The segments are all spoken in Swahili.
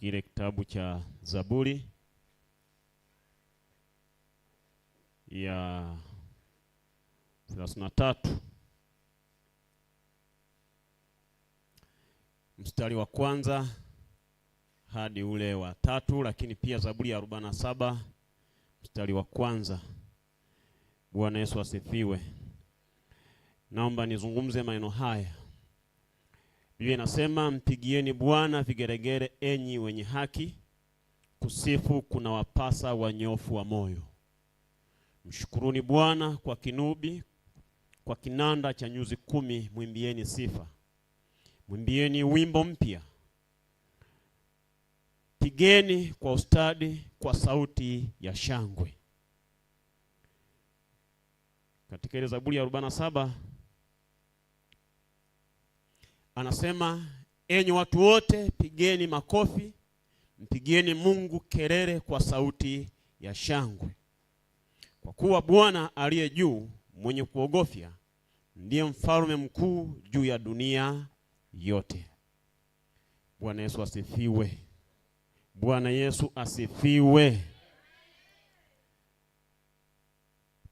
kile kitabu cha Zaburi ya thelathini na tatu mstari wa kwanza hadi ule wa tatu, lakini pia Zaburi ya arobaini na saba mstari wa kwanza. Bwana Yesu asifiwe. Naomba nizungumze maneno haya Biblia inasema mpigieni Bwana vigeregere, enyi wenye haki, kusifu kuna wapasa wanyofu wa moyo. Mshukuruni Bwana kwa kinubi, kwa kinanda cha nyuzi kumi mwimbieni sifa, mwimbieni wimbo mpya, pigeni kwa ustadi, kwa sauti ya shangwe. Katika ile Zaburi ya 47 anasema enyi watu wote, pigeni makofi, mpigieni Mungu kelele kwa sauti ya shangwe, kwa kuwa Bwana aliye juu mwenye kuogofya ndiye mfalme mkuu juu ya dunia yote. Bwana Yesu asifiwe! Bwana Yesu asifiwe!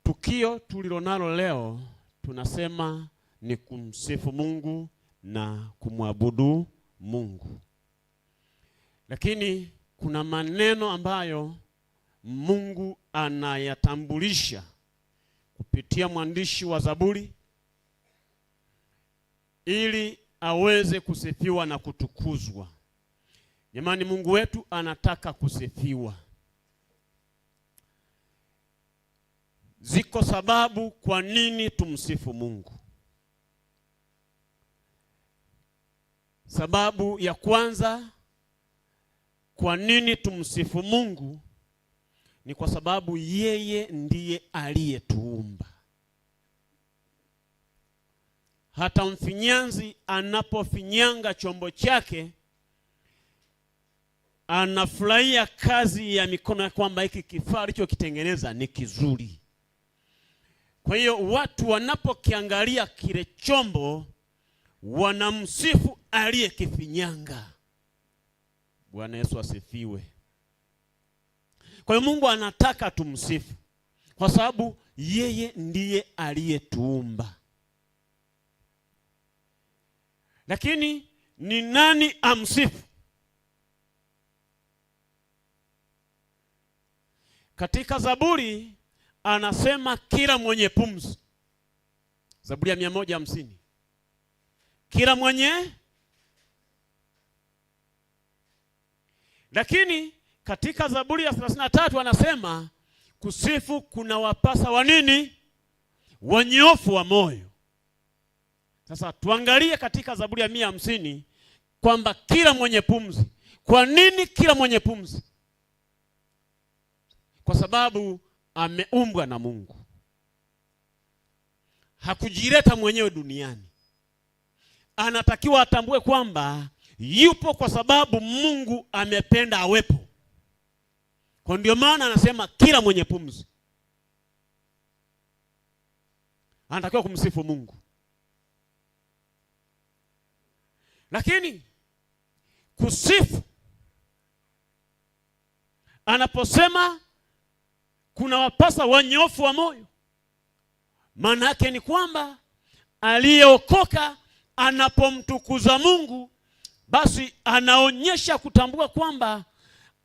Tukio tulilonalo leo tunasema ni kumsifu Mungu na kumwabudu Mungu. Lakini kuna maneno ambayo Mungu anayatambulisha kupitia mwandishi wa Zaburi ili aweze kusifiwa na kutukuzwa. Jamani, Mungu wetu anataka kusifiwa. Ziko sababu kwa nini tumsifu Mungu. Sababu ya kwanza kwa nini tumsifu Mungu ni kwa sababu yeye ndiye aliyetuumba. Hata mfinyanzi anapofinyanga chombo chake anafurahia kazi ya mikono ya kwamba hiki kifaa alichokitengeneza ni kizuri. Kwa hiyo watu wanapokiangalia kile chombo wanamsifu aliyekifinyanga. Bwana Yesu asifiwe. Kwa hiyo Mungu anataka tumsifu kwa sababu yeye ndiye aliyetuumba. Lakini ni nani amsifu? Katika Zaburi anasema kila mwenye pumzi, Zaburi ya mia moja hamsini, kila mwenye Lakini katika Zaburi ya 33 anasema kusifu kuna wapasa wa nini? Wanyofu wa moyo. Sasa tuangalie katika Zaburi ya mia hamsini kwamba kila mwenye pumzi. Kwa nini kila mwenye pumzi? Kwa sababu ameumbwa na Mungu, hakujileta mwenyewe duniani. Anatakiwa atambue kwamba yupo kwa sababu Mungu amependa awepo. Kwa ndio maana anasema kila mwenye pumzi anatakiwa kumsifu Mungu. Lakini kusifu anaposema kuna wapasa wanyofu wa moyo, maana yake ni kwamba aliyeokoka anapomtukuza Mungu basi anaonyesha kutambua kwamba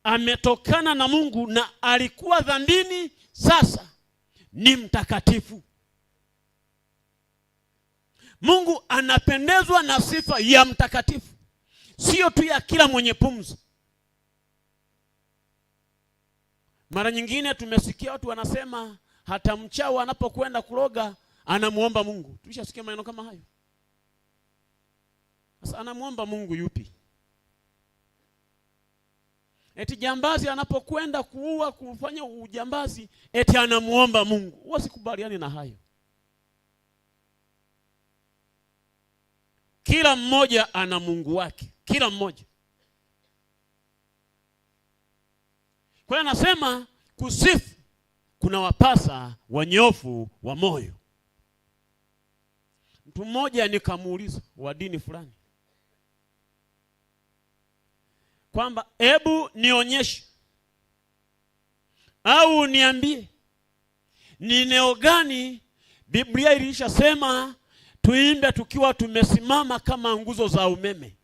ametokana na Mungu na alikuwa dhambini, sasa ni mtakatifu. Mungu anapendezwa na sifa ya mtakatifu, sio tu ya kila mwenye pumzi. Mara nyingine tumesikia watu wanasema hata mchawi anapokwenda kuloga anamwomba Mungu. Tulishasikia maneno kama hayo. Sasa anamwomba Mungu yupi? Eti jambazi anapokwenda kuua kufanya ujambazi eti anamuomba Mungu. wasikubaliani na hayo. Kila mmoja ana Mungu wake, kila mmoja. Kwa hiyo anasema kusifu kuna wapasa wanyofu wa moyo. Mtu mmoja nikamuuliza wa dini fulani kwamba hebu nionyeshe au niambie ni eneo gani Biblia ilishasema tuimbe tukiwa tumesimama kama nguzo za umeme.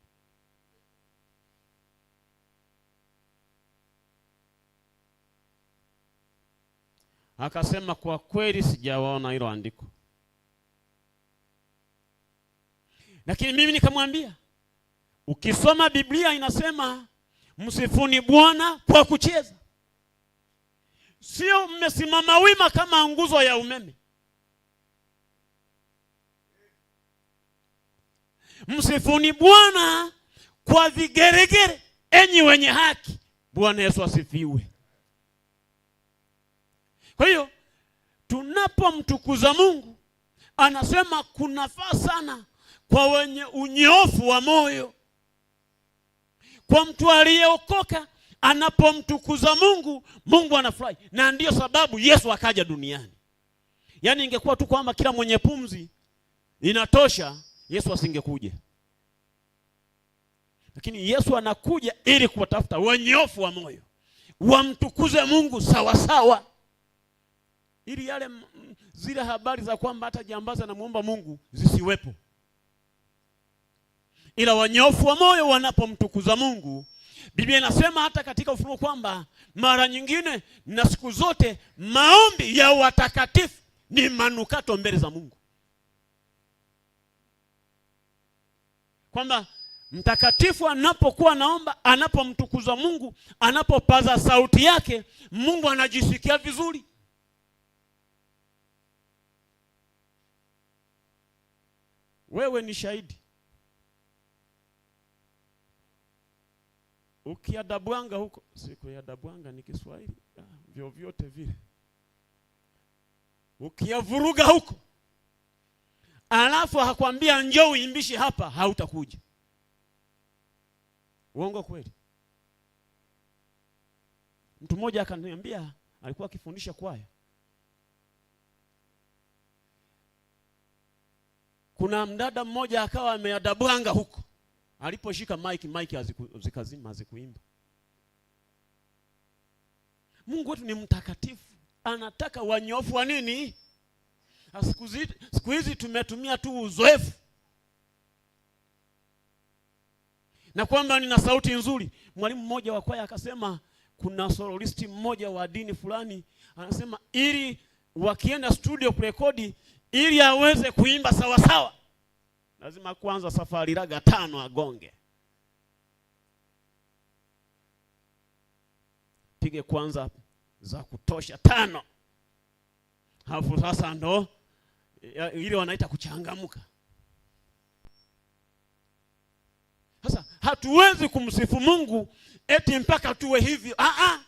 Akasema kwa kweli sijawaona hilo andiko, lakini mimi nikamwambia, ukisoma Biblia inasema Msifuni Bwana kwa kucheza. Sio mmesimama wima kama nguzo ya umeme. Msifuni Bwana kwa vigeregere, enyi wenye haki. Bwana Yesu asifiwe. Kwa hiyo tunapomtukuza Mungu, anasema kunafaa sana kwa wenye unyofu wa moyo. Kwa mtu aliyeokoka anapomtukuza Mungu, Mungu anafurahi, na ndiyo sababu Yesu akaja duniani. Yaani ingekuwa tu kwamba kila mwenye pumzi inatosha, Yesu asingekuja, lakini Yesu anakuja ili kuwatafuta wanyofu wa moyo wamtukuze Mungu sawasawa sawa. Ili yale zile habari za kwamba hata jambazi anamuomba Mungu zisiwepo ila wanyofu wa moyo wanapomtukuza Mungu. Biblia inasema hata katika Ufunuo kwamba mara nyingine na siku zote maombi ya watakatifu ni manukato mbele za Mungu, kwamba mtakatifu anapokuwa anaomba, anapomtukuza Mungu, anapopaza sauti yake, Mungu anajisikia vizuri. Wewe ni shahidi ukiadabwanga huko, sikuadabwanga ni Kiswahili ah, vyovyote vile, ukiavuruga huko alafu hakwambia njoo uimbishe hapa, hautakuja. Uongo kweli? Mtu mmoja akaniambia, alikuwa akifundisha kwaya, kuna mdada mmoja akawa ameadabwanga huko Aliposhika mike mike zikazima, hazikuimba. Mungu wetu ni mtakatifu, anataka wanyofu wa nini? Siku hizi tumetumia tu uzoefu na kwamba nina sauti nzuri. Mwalimu mmoja wa kwaya akasema kuna sororisti mmoja wa dini fulani anasema, ili wakienda studio kurekodi, ili aweze kuimba sawasawa lazima kwanza safari raga tano agonge, pige kwanza za kutosha tano, halafu sasa ndo ile wanaita kuchangamka. Sasa hatuwezi kumsifu Mungu eti mpaka tuwe hivyo. Aa,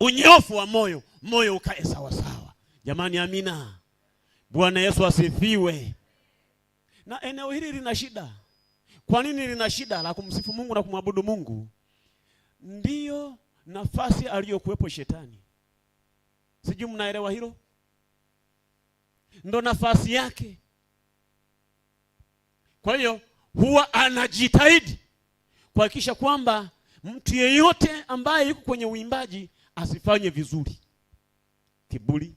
unyofu wa moyo, moyo ukae sawasawa. Jamani, amina. Bwana Yesu asifiwe. Na eneo hili lina shida. Kwa nini lina shida la kumsifu Mungu na kumwabudu Mungu? Ndiyo nafasi aliyokuwepo shetani. Sijui mnaelewa hilo? Ndo nafasi yake. Kwa hiyo huwa anajitahidi kuhakikisha kwamba mtu yeyote ambaye yuko kwenye uimbaji asifanye vizuri. Kiburi,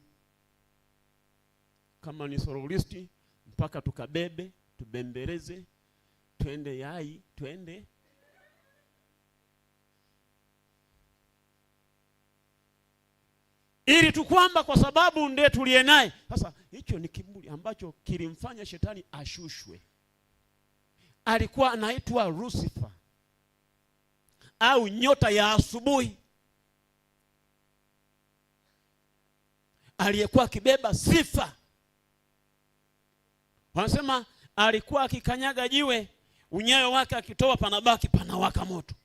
kama ni soloist mpaka tukabebe tubembeleze, twende yai, twende ili tukwamba kwa sababu ndiye tuliye naye. Sasa hicho ni kiburi ambacho kilimfanya shetani ashushwe. Alikuwa anaitwa Lucifer au nyota ya asubuhi, aliyekuwa akibeba sifa. Wanasema alikuwa akikanyaga jiwe, unyayo wake akitoa, panabaki panawaka moto.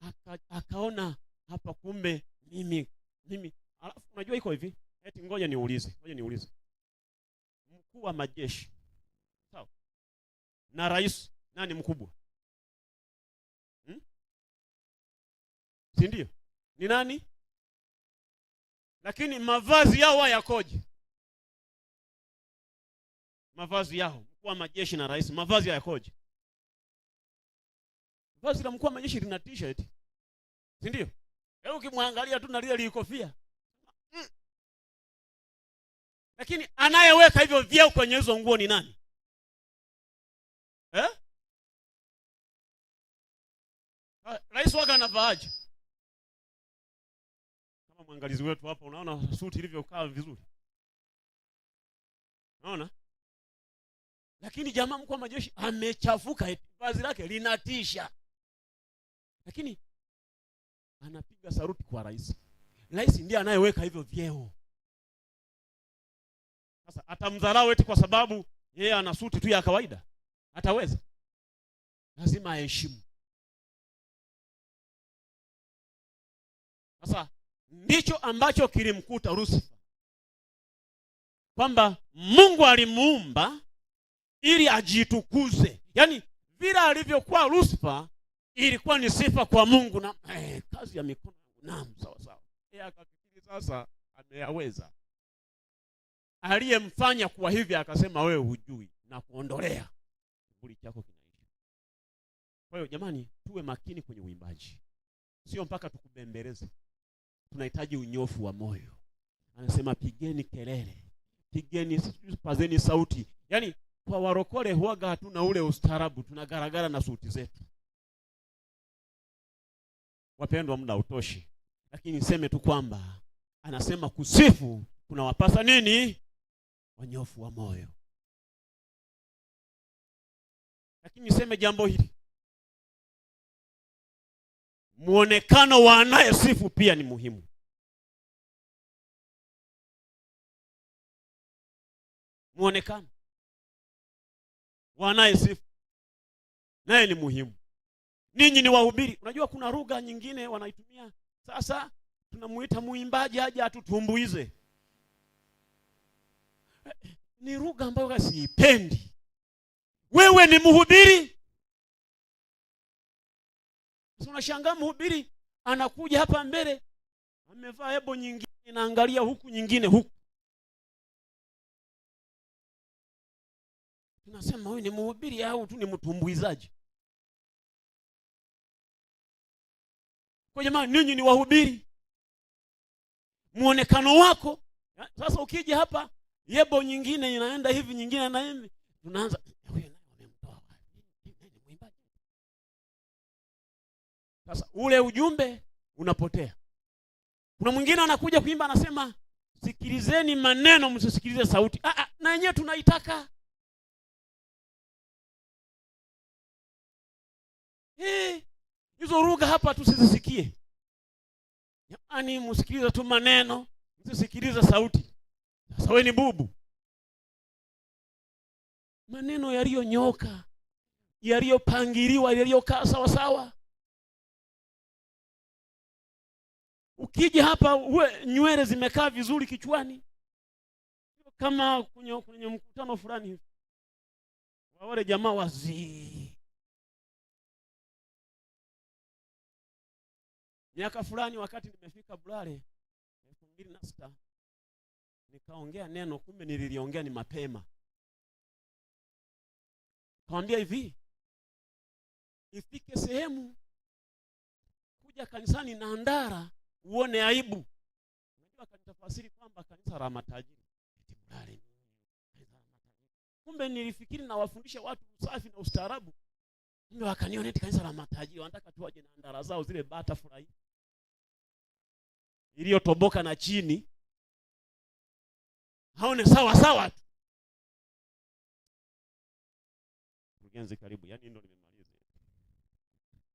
Aka, akaona hapa kumbe mimi mimi. Alafu unajua iko hivi, eti ngoja niulize, ngoja niulize, mkuu wa majeshi sawa na rais, nani mkubwa hmm? si ndio? Ni nani? Lakini mavazi yao yakoje? mavazi yao, mkuu wa majeshi na rais, mavazi yakoje? Vazi la mkuu wa majeshi lina t-shirt, si ndio? Hebu ukimwangalia tu na lile likofia mm. Lakini anayeweka hivyo vyeo kwenye hizo nguo ni nani eh? Rais waga anavaaje? Kama mwangalizi wetu hapa, unaona suti ilivyokaa vizuri, unaona lakini jamaa mkuu wa majeshi amechafuka, eti vazi lake linatisha, lakini anapiga saruti kwa rais. Rais ndiye anayeweka hivyo vyeo. Sasa atamdharau eti kwa sababu yeye ana suti tu ya kawaida? Ataweza? Lazima aheshimu. Sasa ndicho ambacho kilimkuta rusifa kwamba Mungu alimuumba ili ajitukuze. Yaani vile alivyokuwa Lusifa ilikuwa ni sifa kwa Mungu na eh, kazi ya mikono yangu nam sawa sawa. Yeye akafikiri sasa ameyaweza. Aliyemfanya kuwa hivi akasema, wewe hujui na kuondolea kiburi chako kinaisha. Kwa hiyo jamani, tuwe makini kwenye uimbaji, sio mpaka tukubembeleze. Tunahitaji unyofu wa moyo. Anasema pigeni kelele, pigeni, pazeni sauti, yaani kwa warokole huaga hatuna ule ustaarabu, tunagaragara na suti zetu. Wapendwa, muda utoshi, lakini niseme tu kwamba anasema kusifu kunawapasa nini? Wanyofu wa moyo. Lakini niseme jambo hili, muonekano wa anayesifu pia ni muhimu. Muonekano wanaye sifa naye ni muhimu. Ninyi ni wahubiri. Unajua kuna lugha nyingine wanaitumia sasa, tunamuita muimbaji aje atutumbuize. Ni lugha ambayo siipendi. Wewe ni mhubiri. Sasa unashangaa mhubiri anakuja hapa mbele amevaa hebo nyingine, inaangalia huku nyingine huku Tunasema huyu ni mhubiri au tu ni mtumbuizaji? Kwa jamaa ninyi ni wahubiri, muonekano wako sasa. Ukija hapa yebo, nyingine inaenda hivi, nyingine na hivi, tunaanza sasa, ule ujumbe unapotea. Kuna mwingine anakuja kuimba, anasema sikilizeni maneno, msisikilize sauti. Ah, ah, na yenyewe tunaitaka hizo hapa tusizisikie, yaani msikilize tu maneno, msisikilize sauti. Sasa wewe ni bubu. Maneno yaliyonyoka, yaliyopangiliwa, yaliyokaa sawa sawa. Ukija hapa uwe nywele zimekaa vizuri kichwani, kama kwenye mkutano fulani hivi, wale jamaa wazii Miaka fulani wakati nimefika Bulale elfu mbili na sita nikaongea neno, kumbe nililiongea ni mapema. Kawambia hivi, ifike sehemu kuja kanisani na ndara uone aibu. Unajua, kanitafasiri kwamba kanisa la matajiri kumbe nilifikiri nawafundisha watu usafi na ustaarabu, kumbe wakaniona kanisa la matajiri, wanataka tu waje na ndara zao zile butterfly iliyotoboka na chini, haone sawa sawa tu. Mkurugenzi, karibu. Yani ndio